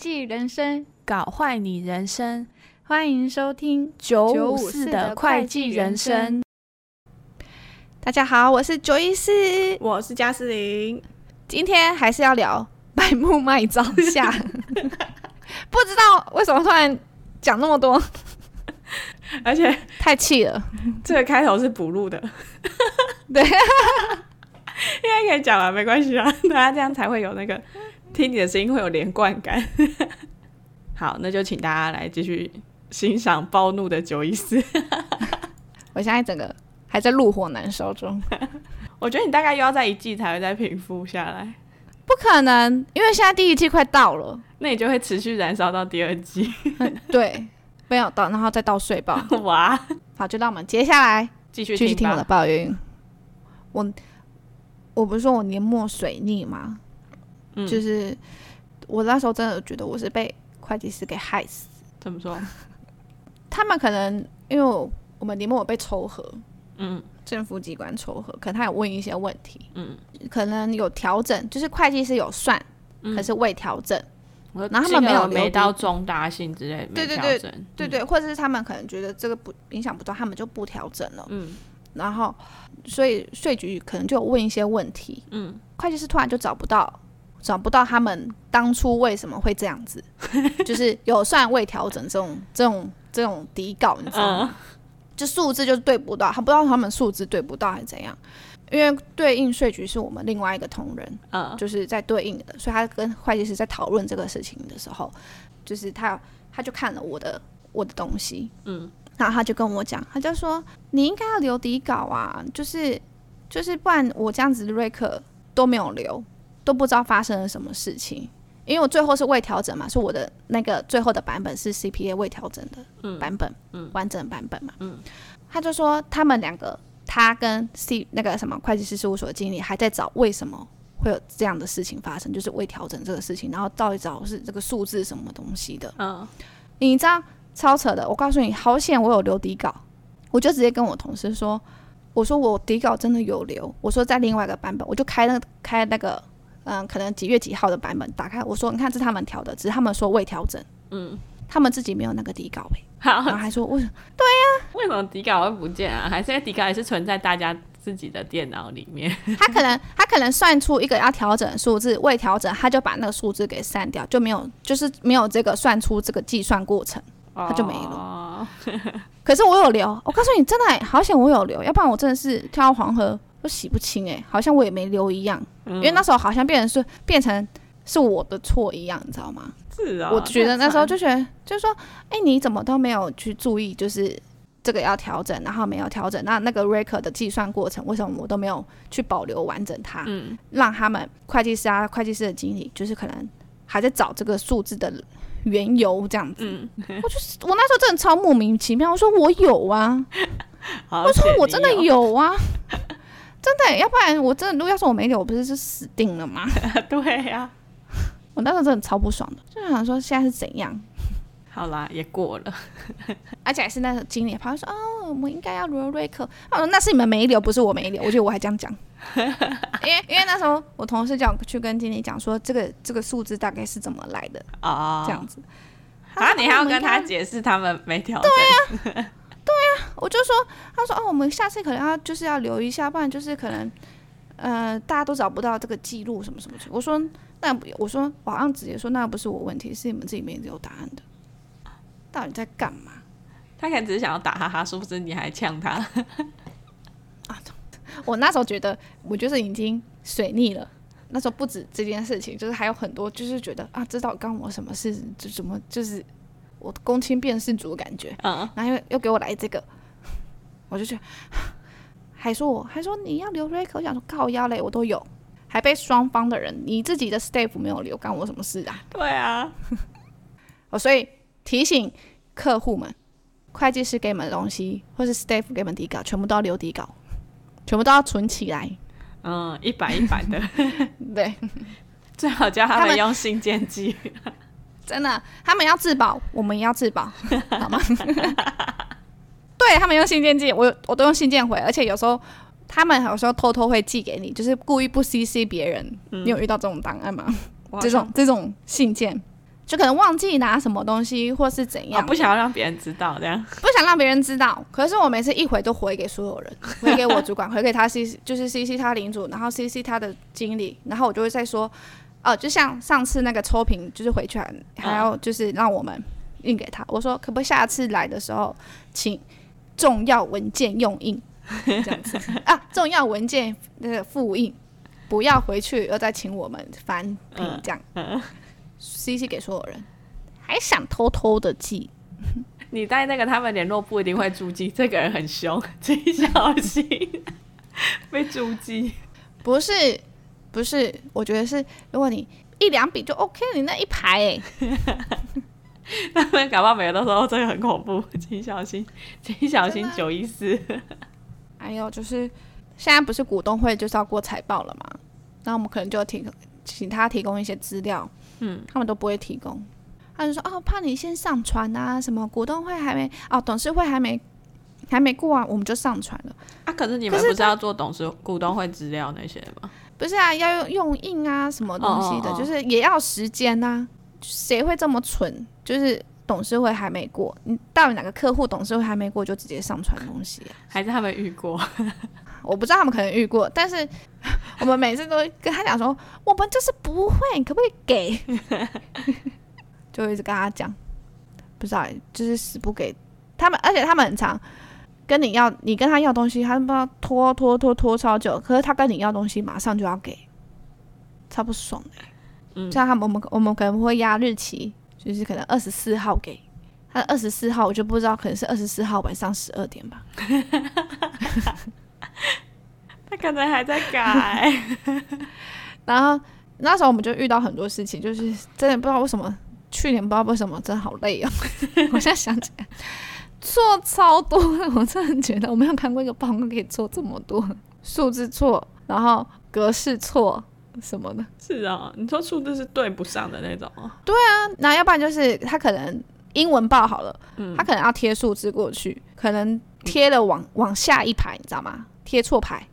計人生搞壞你人生，歡迎收聽九五四的會計人生。大家好，我是 Joyce，我是嘉思玲，今天還是要聊白目賣造下。 不知道為什麼突然講那麼多，而且太氣了。這個開頭是補錄的， 對， 應該可以講了，沒關係啊，大家這樣才會有那個。聽你的聲音會有連貫感。 好，那就請大家來繼續欣賞暴怒的九五四。 我現在整個還在怒火難收中。 我覺得你大概又要再一季才會再平復下來。不可能，因為現在第一季快到了，那你就會持續燃燒到第二季， 嗯。對，沒有到，然後再到睡報。哇，好，就讓我們接下來繼續繼續聽我的抱怨。我我不是說我年末水逆嗎？就是我那時候真的覺得我是被會計師給害死。怎麼說？他們可能因為我，我們年，我被抽核，嗯，政府機關抽核可能他有問一些問題，嗯，可能有調整，就是會計師有算，可是未調整，然後他們沒有沒到重大性之類，對對對，對對，或者是他們可能覺得這個不影響不大，他們就不調整了，嗯，然後所以稅局可能就問一些問題，嗯，會計師突然就找不到。找不到他們當初為什麼會這樣子，就是有算未調整這種 這種這種底稿，你知道嗎？Uh. 就數字就是對不到，他不知道他們數字對不到還是怎樣，因為對應稅局是我們另外一個同仁，嗯，uh. 就是在對應的，所以他跟會計師在討論這個事情的時候，就是他他就看了我的我的東西，嗯，然後他就跟我講，他就說你應該要留底稿啊，就是就是不然我這樣子的瑞克都沒有留。都不知道發生了什麼事情，因為我最後是未調整嘛，是我的那個最後的版本是 CPA 未調整的版本，嗯，嗯完整版本嘛，嗯，他就說他們兩個，他跟 C 那個什麼會計師事務所經理還在找為什麼會有這樣的事情發生，就是未調整這個事情，然後到底找是這個數字什麼東西的，嗯，你知道超扯的，我告訴你，好險我有留底稿，我就直接跟我同事說，我說我底稿真的有留，我說在另外一個版本，我就開那個、開那個。嗯，可能幾月幾號的版本打開，我說，你看，這是他們調的，只是他們說未調整，嗯，他們自己沒有那個底稿唄、欸。好，然後還說，為什麼，對呀、啊，為什麼底稿會不見啊？還是因為底稿也是存在大家自己的電腦裡面？ 他可能，他可能算出一個要調整數字，未調整，他就把那個數字給刪掉，就沒有，就是沒有這個算出這個計算過程，哦、他就沒了。 可是我有留，我告訴你，真的好險，我有留，要不然我真的是跳黃河。都洗不清哎、欸，好像我也沒留一樣，嗯、因為那時候好像變成是變成是我的錯一樣，你知道嗎？是啊、我覺得那時候就覺得就是說，哎傳、欸，你怎麼都沒有去注意，就是這個要調整，然後沒有調整。那那個 record 的計算過程，為什麼我都沒有去保留完整？它，嗯，讓他們會計師啊，會計師的經理，就是可能還在找這個數字的緣由這樣子。嗯、 我就是我那時候真的超莫名其妙，我說我有啊，有我說我真的有啊。 真的，要不然我真的，如果要是我沒留，我不是就死定了嗎？ 對呀、啊，我那時候真的超不爽的，就想說現在是怎樣。好啦，也過了， 而且還是那個經理他就說：“哦，我應該要羅瑞克。”我說：“那是你們沒留，不是我沒留。我覺得我還這樣講， 因為因為那時候我同事叫我去跟經理講說、這個：“這個這個數字大概是怎麼來的？”啊，oh. 這樣子，然、啊、後、啊、你還要跟他解釋他們沒調整。對啊我就說，他說啊、哦，我們下次可能要就是要留一下，不然就是可能，呃，大家都找不到這個記錄什麼什麼。我說那，我說保安直接說那不是我問題，是你們這裡面有答案的。到底在幹嘛？他可能只是想要打哈哈，殊不知你還嗆他。 啊，我那時候覺得我就是已經水逆了。那時候不止這件事情，就是還有很多，就是覺得啊，知道我干我什麼事，就怎麼就是。我公親變事主感覺，嗯、然後又又給我來這個，我就去，還說我還說你要留 record，我想說靠腰嘞，我都有，還被雙方的人，你自己的 staff 沒有留，干我什麼事啊？對啊，我。所以提醒客戶們，會計師給你們的東西，或是 staff 給你們底稿，底稿，全部都要留底稿，全部都要存起來，嗯，一版一版的， 對， 最好叫他們用心剪輯。們 真的，他們要自保，我們也要自保，好嗎？ 對他們用信件寄，我我都用信件回，而且有時候他們有時候偷偷會寄給你，就是故意不 C C 別人。嗯、你有遇到這種檔案嗎？這種這種信件，就可能忘記拿什麼東西或是怎樣，哦，不想要讓別人知道這樣，不想讓別人知道。可是我每次一回都回給所有人，回給我主管， 回給他 C C 就是 C C 他領主，然後 C C 他的經理，然後我就會再說。哦，就像上次那個抽評，就是回去了還要就是讓我們印給他。嗯、我說可不可下次來的時候，請重要文件用印這樣子 啊，重要文件那個複印，不要回去又再請我們翻，嗯、這樣。嗯、cc 給所有人，還想偷偷的寄？你帶那個他們聯絡部一定會註記， 這個人很兇，注意小心 被註記。不是。不是，我覺得是，如果你一兩筆就 OK，你那一排哎， 他們搞不好每年都說這個、哦、很恐怖，請小心，請小心九一四。還有、哎、就是，現在不是股東會就是要過財報了嘛？那我們可能就提請他提供一些資料，嗯，他們都不會提供，他就說哦，怕你先上傳啊，什麼股東會還沒哦，董事會還沒還沒過啊，我們就上傳了。啊，可是你們不是要做董事股東會資料那些嗎？嗯不是啊，要用用印啊，什麼東西的，oh, oh. 就是也要時間啊。誰會這麼蠢？就是董事會還沒過，你到底哪個客戶董事會還沒過就直接上傳東西？還是他們遇過？我不知道他們可能遇過，但是我們每次都跟他講說， 我們就是不會，可不可以給？ 就一直跟他講，不知道、啊，就是死不給他們，而且他們很常。跟你要，你跟他要東西，他不知道拖拖拖拖超久。可是他跟你要東西，馬上就要給，超不爽的。嗯，像他們，我們我們可能會壓日期，就是可能二十四號給。他二十四號，我就不知道，可能是二十四號晚上十二點吧。 他可能還在改。 然後那時候我們就遇到很多事情，就是真的不知道為什麼，去年不知道為什麼，真好累啊、哦！ 我現在想起來。錯超多，我真的覺得我沒有看過一個報告可以錯這麼多，數字錯，然後格式錯什麼的。是啊，你說數字是對不上的那種。對啊，那要不然就是他可能英文報好了，嗯、他可能要貼數字過去，可能貼了往往下一排，你知道嗎？貼錯排，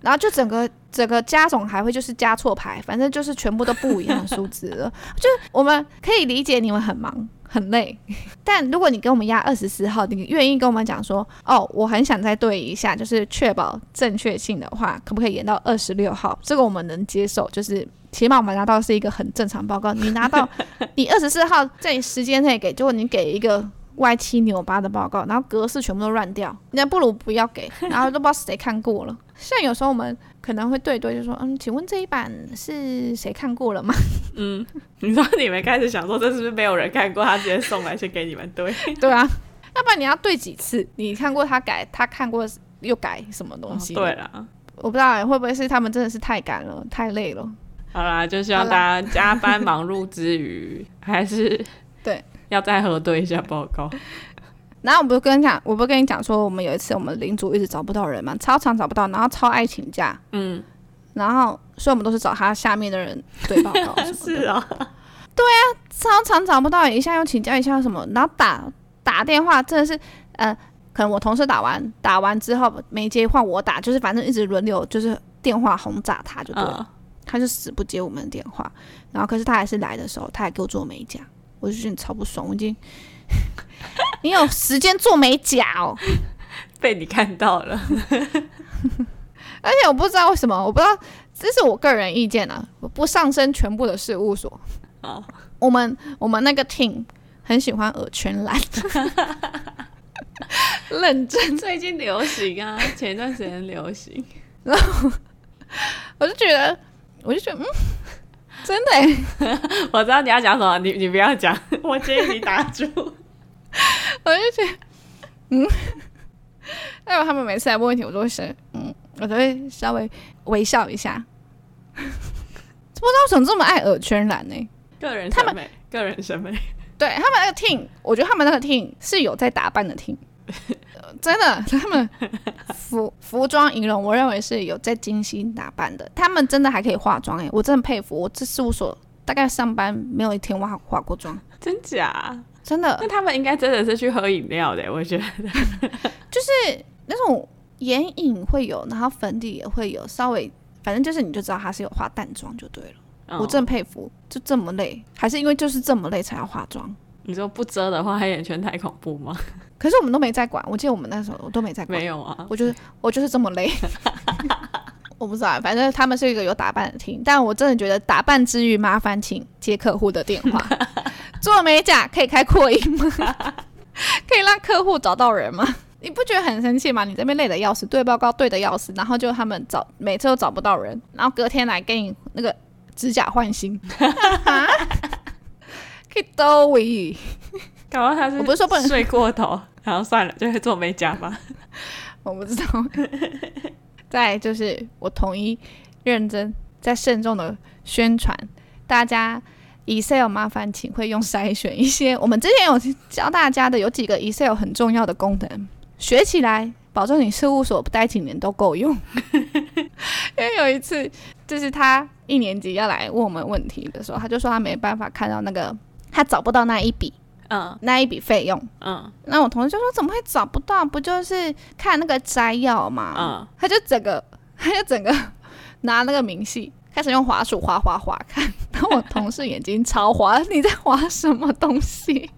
然後就整個整個加總還會就是加錯排，反正就是全部都不一樣的數字了。 就是我們可以理解你們很忙。很累，但如果你跟我們壓二十四號，你願意跟我們講說，哦，我很想再對一下，就是確保正確性的話，可不可以延到二十六號？這個我們能接受，就是起碼我們拿到是一個很正常報告。你拿到，你二十四號這時間內給，結果你給一個歪七扭八的報告，然後格式全部都亂掉，那不如不要給，然後都不知道誰看過了。像有時候我們。可能會對對，就說嗯，請問這一版是誰看過了嗎？嗯，你說你們開始想說這是不是沒有人看過，他直接送來先給你們對 對啊。要不然你要對幾次？你看過他改，他看過又改什麼東西？哦，對了，我不知道欸，會不會是他們真的是太趕了，太累了。好啦，就希望大家加班忙碌之餘，好啦 還是對要再核對一下報告。 然後我不是跟你講，我不是跟你講說，我們有一次我們領主一直找不到人嘛，超常找不到，然後超愛請假，嗯，然後所以我們都是找他下面的人對報告 是啊、哦，對啊，超常找不到，一下又請假，一下什麼，然後打打電話真的是，呃，可能我同事打完打完之後沒接，換我打，就是反正一直輪流就是電話轟炸他就對了，哦、他就死不接我們的電話，然後可是他還是來的時候，他還給我做美甲，我就覺得超不爽，我已經。 你有時間做美甲哦，被你看到了。 而且我不知道為什麼，我不知道這是我個人意見啊，我不上升全部的事務所。Oh. 我們我們那個 team 很喜歡耳圈藍認 真。 最近流行啊，前段時間流行， 然後我就覺得，我就覺得，嗯，真的欸。 我知道你要講什麼，你你不要講， 我建議你打住。 我就覺得，嗯，還 有他們每次來問問題，我都會是，嗯，我都會稍微微笑一下。 不知道為什麼這麼愛耳圈男呢、欸？個人審美，他們 個人審美。對，他們那個 team，我覺得他們那個 team 是有在打扮的 team， 呃、真的，他們服服裝、儀容，我認為是有在精心打扮的。他們真的還可以化妝哎、欸，我真的佩服。我這事務所大概上班沒有一天化化過妝，真假？真的，那他們應該真的是去喝飲料的，我覺得， 就是那種眼影會有，然後粉底也會有，稍微反正就是你就知道他是有化淡妝就對了。哦。我真佩服，就這麼累，還是因為就是這麼累才要化妝？你說不遮的話，黑眼圈太恐怖嗎？可是我們都沒在管，我記得我們那時候我都沒在管，沒有啊，我就是我就是這麼累， 我不知道啊，反正他們是一個有打扮的廳，但我真的覺得打扮之餘麻煩請接客戶的電話。 做美甲可以開擴音嗎？ 可以讓客戶找到人嗎？你不覺得很生氣嗎？你這邊累得要死，對報告對得要死，然後就他們找，每次都找不到人，然後隔天來給你那個指甲換新，可以都為搞到他。我不是說不能睡過頭， 然後算了，就做美甲吧。 我不知道， 再就是我統一認真，再慎重的宣傳大家。Excel 麻煩請會用篩選一些，我們之前有教大家的有幾個 Excel 很重要的功能，學起來保證你事務所不待幾年都夠用。 因為有一次就是他一年級要來問我們問題的時候，他就說他沒辦法看到那個，他找不到那一筆，嗯，uh, 那一筆費用，嗯，uh, 那我同事就說怎麼會找不到？不就是看那個摘要嗎？嗯，uh, 他就整個他就整個拿那個明細開始用滑鼠滑滑滑看。我同事眼睛超滑，你在滑什麼東西？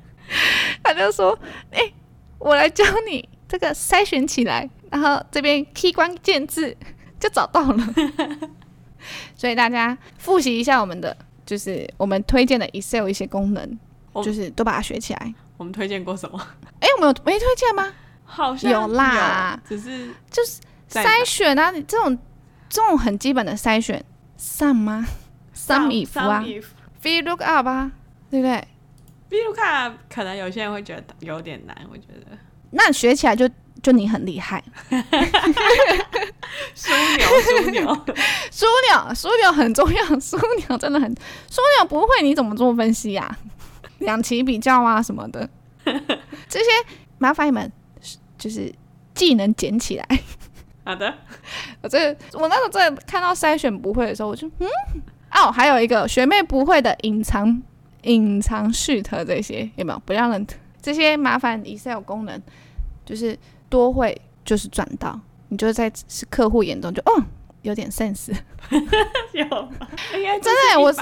他就說：“哎、欸，我來教你這個篩選起來，然後這邊 key 關鍵字就找到了。” 所以大家複習一下我們的，就是我們推薦的 Excel 一些功能，我就是都把它學起來。我們推薦過什麼？哎、欸，我們有沒推薦嗎？好像有啦。只是就是篩選啊，你這種這種很基本的篩選上嗎？三米服啊，三米服，VLOOKUP 啊，對不對？VLOOKUP 可能有些人會覺得有點難，我覺得那學起來就就你很厲害。樞紐樞紐樞紐很重要，樞紐真的很，樞紐。不會你怎麼做分析呀，啊？兩期比較啊什麼的， 這些麻煩你們就是技能撿起來。好的，我這我那時候在看到篩選不會的時候，我就嗯。哦，還有一個學妹不會的隱藏、隱藏 sheet 這些有沒有？不讓人這些麻煩 Excel 功能，就是多會就是賺到你就在客戶眼中就哦，有點 sense 有吧應該真的、欸、我是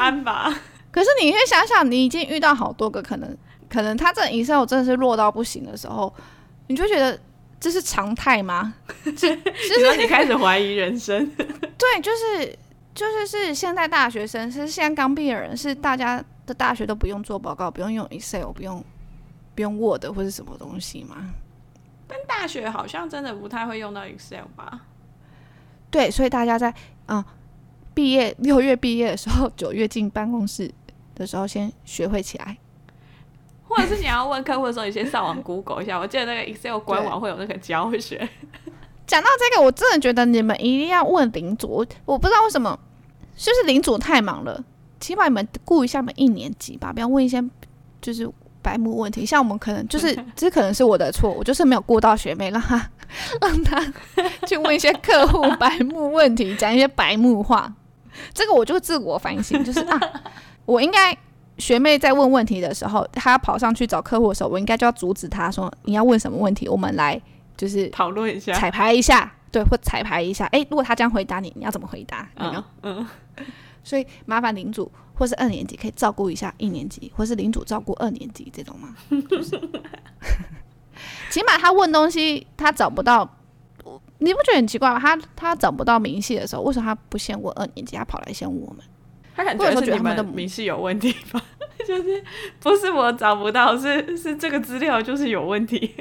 可是你可以想想，你已經遇到好多個可能，可能他這 Excel 真的是弱到不行的時候，你就覺得這是常態嗎？就、就是說 你，你開始懷疑人生。 對，就是。就是是現在大學生，是現在剛畢業的人，是大家的大學都不用做報告，不用用 Excel，不用不用 Word 或者什麼東西嘛。但大學好像真的不太會用到 Excel 吧？對，所以大家在啊畢業、嗯、六月畢業的時候，九月進辦公室的時候，先學會起來。或者是你要問客戶的時候， 你先上網 Google 一下。我記得那個 Excel 官網會有那個教學。講到這個，我真的覺得你們一定要問領主。我不知道為什麼，就是領主太忙了？起碼你們顧一下你們一年級吧，不要問一些就是白目問題。像我們可能就是，這可能是我的錯，我就是沒有顧到學妹，讓他，讓他去問一些客戶白目問題， 講一些白目話。這個我就自我反省，就是啊，我應該學妹在問問題的時候，她要跑上去找客戶的時候，我應該就要阻止他說：“你要問什麼問題？我們來。”就是討論一下，彩排一下，對，或彩排一下。哎、欸，如果他這樣回答你，你要怎麼回答？嗯嗯，uh, uh. 所以麻煩領主或是二年級可以照顧一下一年級，或是領主照顧二年級這種嗎？ 起碼他問東西，他找不到，你不覺得很奇怪嗎？他他找不到明細的時候，為什麼他不先問二年級，他跑來先問我們？他感覺得是你們的名是有問題吧？就是不是我找不到，是是這個資料就是有問題。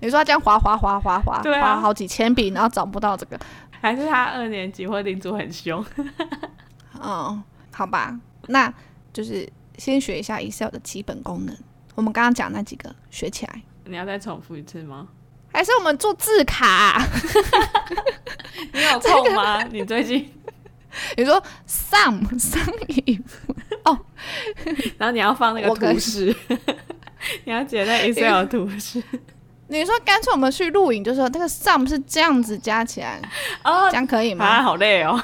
你說他這樣滑滑滑滑滑滑好幾千筆，然後找不到這個，還是他二年級會領組很凶？嗯、 哦，好吧，那就是先學一下 Excel 的基本功能。我們剛剛講那幾個，學起來。你要再重複一次嗎？還是我們做字卡、啊？ 你有痛嗎？這個 你最近？你說 some some if 哦，然後你要放那個圖示，跟 你要截那 Excel 圖示。你說乾脆我們去錄影，就說那個 some 是這樣子加起來哦，這樣可以嗎？啊、好累哦，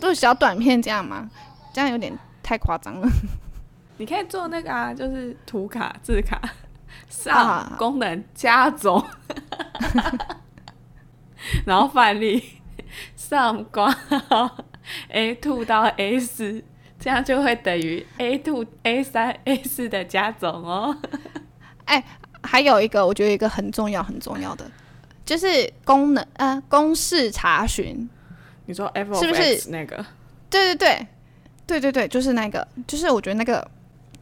都是小短片這樣嗎？這樣有點太誇張了。你可以做那個啊，就是圖卡字卡 some，啊、功能加總，啊、好好 然後範例 some 關。 上 A two 到 A 四，這樣就會等於 A two、A 三、A 四的加總哦。哎、 欸，還有一個，我覺得一個很重要、很重要的，就是功能啊、呃，公式查詢。你說 F 是不是那個？對對對，對對對，就是那個，就是我覺得那個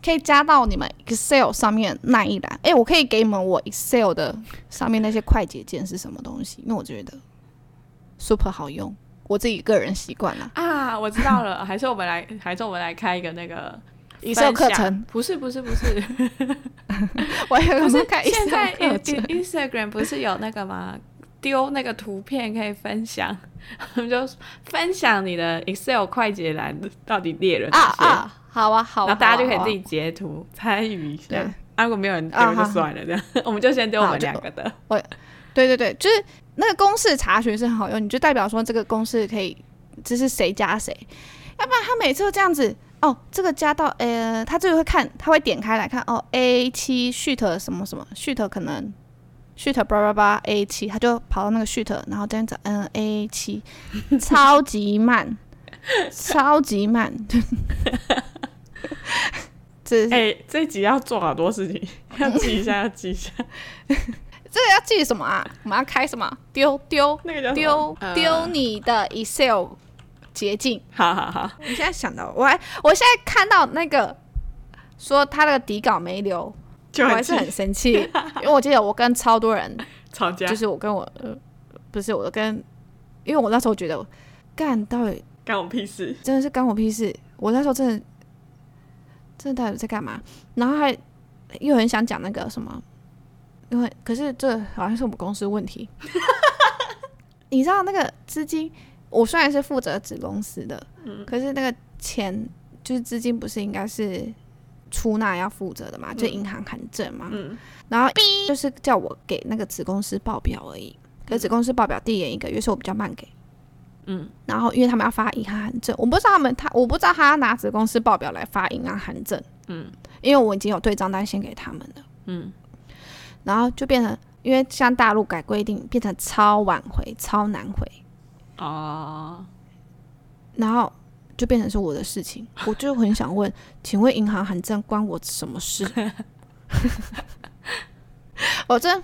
可以加到你們 Excel 上面那一欄。哎、欸，我可以給你們我 Excel 的上面那些快捷鍵是什麼東西？因為我覺得 super 好用。我自己個人習慣了啊，我知道了。還是我們來， 還是我們來開一個那個 Excel 課程？不是不是不是 我有，我也是開 e x c e、 欸、Instagram 不是有那個嗎？丟 那個圖片可以分享， 我們就分享你的 Excel 快捷欄到底列了哪些？好啊好啊，好啊，然後大家就可以自己截圖參與一下對、啊。如果沒有人丟就算了，這樣、啊、哈 我們就先丟我們兩個的。我，對對對，就是。那個公式查詢是很好用，你就代表說這個公式可以，這是誰加誰？要不然他每次都這樣子哦，這個加到呃、欸，他這個會看，他會點開來看哦，A 七 sheet 什麼什麼 sheet 可能 sheet 吧吧吧 A 七，他就跑到那個 sheet，然後這樣子嗯 A 七超級慢， 超級慢， 欸、這哎這集要做好多事情，要記一下要記一下。 這個要記什麼啊？我們要開什麼？丟丟那個叫什麼丟丟丟你的 Excel 捷徑。 好好好，我現在想到我，我還，我現在看到那個說他那個底稿沒留，就我還是很生氣， 因為我記得我跟超多人吵架，就是我跟我、呃、不是我跟，因為我那時候覺得幹到底幹我屁事，真的是幹我屁事。我那時候真的真的到底在幹嘛？然後還又很想講那個什麼。因為可是這好像是我們公司問題， 你知道那個資金，我雖然是負責子公司的，嗯、可是那個錢就是資金不是應該是出納要負責的嘛，就銀行函證嘛，嗯，然後就是叫我給那個子公司報表而已，嗯、可子公司報表遞延一,一個月，是我比較慢給，嗯，然後因為他們要發銀行函證，我不知道他們他我不知道他要拿子公司報表來發銀行函證，嗯，因為我已經有對賬單先給他們了。嗯。然後就變成，因為像大陸改規定，變成超晚回、超難回。哦，oh. 然後就變成是我的事情，我就很想問， 請問銀行函證關我什麼事？ 我這嗯，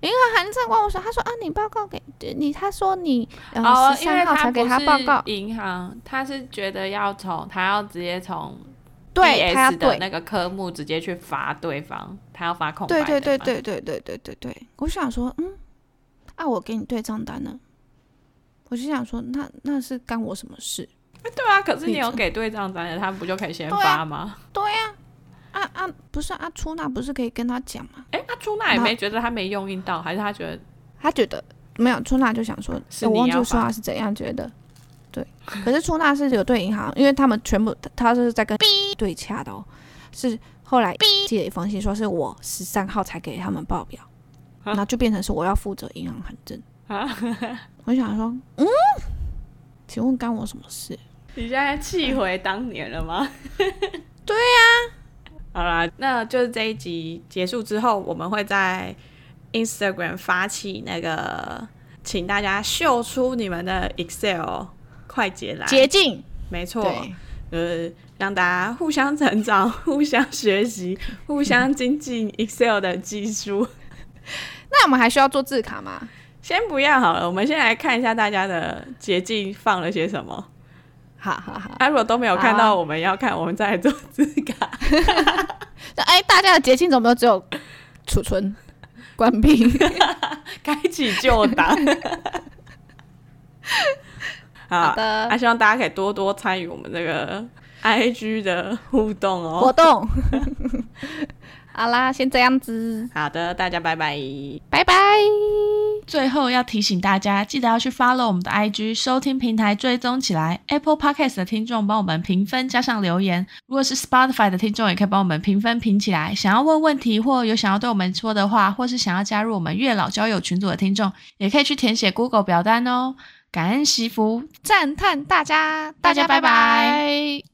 銀行函證關我事？他說啊，你報告給你，他說你十三號才給他報告，oh, 他銀行他是覺得要從他要直接從。對，他要對的那個科目直接去罰對方，他要罰空白的對對對對對對對對對。我想說，嗯，啊，我給你對賬單呢，我就想說，那那是干我什麼事，欸。對啊，可是你有給對賬單的，他們不就可以先發嗎？對呀，啊啊，啊啊，不是啊，出納不是可以跟他講嗎？哎，欸，那出納也沒覺得他沒用運到，後還是他覺得他覺得沒有出納就想說，我忘記說他是怎樣覺得，對， 可是出納是有對銀行，因為他們全部他是在跟。對，恰到是後來寄了一封信，說是我十三號才給他們報表，那、啊、就變成是我要負責銀行憑證。啊、 我想說，嗯，請問幹我什麼事？你現在氣回當年了嗎？嗯、對呀、啊。好啦，那就是這一集結束之後，我們會在 Instagram 發起那個，請大家秀出你們的 Excel 快捷欄捷徑，沒錯。呃、嗯，讓大家互相成長、互相學習、互相精進 Excel 的技術、嗯。那我們還需要做字卡嗎？先不要好了，我們先來看一下大家的捷徑放了些什麼。好好好、啊，如果都沒有看到，我們、啊、要看我們再來做字卡。哎、 欸，大家的捷徑怎麼都只有儲存、關閉、 開啟、就打。 好，啊、好的，還、啊、希望大家可以多多參與我們這個 I G 的互動哦。活動， 好啦，先這樣子。好的，大家拜拜，拜拜。最後要提醒大家，記得要去 follow 我們的 I G 收聽平台追蹤起來。Apple Podcast 的聽眾幫我們評分加上留言，如果是 Spotify 的聽眾，也可以幫我們評分評起來。想要問問題或有想要對我們說的話，或是想要加入我們月老交友群組的聽眾，也可以去填寫 Google 表單哦。感恩惜福，讚嘆大家，大家拜拜。